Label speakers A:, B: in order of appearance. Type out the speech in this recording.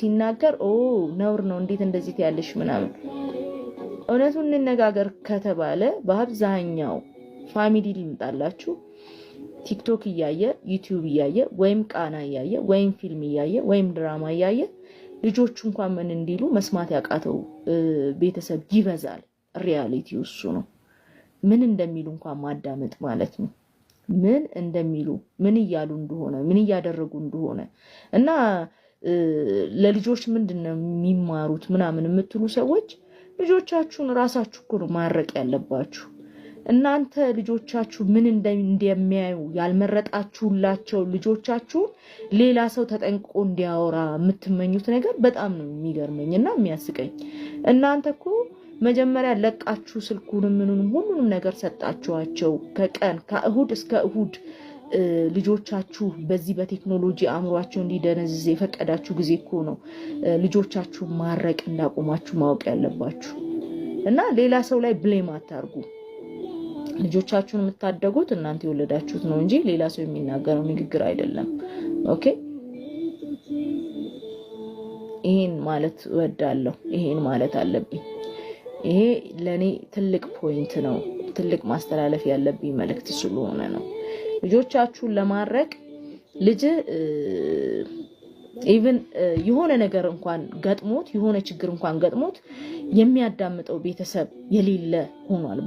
A: ሲናገር ኦ ነውር ነው እንዴት እንደዚህ ትያለሽ? ምናምን እውነቱን እንነጋገር ከተባለ በአብዛኛው ፋሚሊ ሊምጣላችሁ ቲክቶክ እያየ ዩቲዩብ እያየ ወይም ቃና እያየ ወይም ፊልም እያየ ወይም ድራማ እያየ ልጆቹ እንኳን ምን እንዲሉ መስማት ያቃተው ቤተሰብ ይበዛል። ሪያሊቲ እሱ ነው። ምን እንደሚሉ እንኳን ማዳመጥ ማለት ነው። ምን እንደሚሉ ምን እያሉ እንደሆነ ምን እያደረጉ እንደሆነ እና ለልጆች ምንድን ነው የሚማሩት ምናምን የምትሉ ሰዎች ልጆቻችሁን ራሳችሁ እኮ ነው ማረቅ ያለባችሁ። እናንተ ልጆቻችሁ ምን እንደሚያዩ ያልመረጣችሁላቸው ልጆቻችሁን ሌላ ሰው ተጠንቅቆ እንዲያወራ የምትመኙት ነገር በጣም ነው የሚገርመኝ እና የሚያስቀኝ። እናንተ እኮ መጀመሪያ ለቃችሁ ስልኩንም ምኑንም ሁሉንም ነገር ሰጣችኋቸው። ከቀን ከእሁድ እስከ እሁድ ልጆቻችሁ በዚህ በቴክኖሎጂ አእምሯቸው እንዲደነዝዝ የፈቀዳችሁ ጊዜ እኮ ነው ልጆቻችሁ ማረቅ እንዳቆማችሁ ማወቅ ያለባችሁ እና ሌላ ሰው ላይ ብሌም አታርጉ። ልጆቻችሁን የምታደጉት እናንተ የወለዳችሁት ነው እንጂ ሌላ ሰው የሚናገረው ንግግር አይደለም። ኦኬ፣ ይሄን ማለት እወዳለሁ። ይሄን ማለት አለብኝ። ይሄ ለእኔ ትልቅ ፖይንት ነው። ትልቅ ማስተላለፍ ያለብኝ መልእክት ስለሆነ ነው። ልጆቻችሁን ለማድረግ ልጅ ኢቭን የሆነ ነገር እንኳን ገጥሞት የሆነ ችግር እንኳን ገጥሞት የሚያዳምጠው ቤተሰብ የሌለ ሆኗል።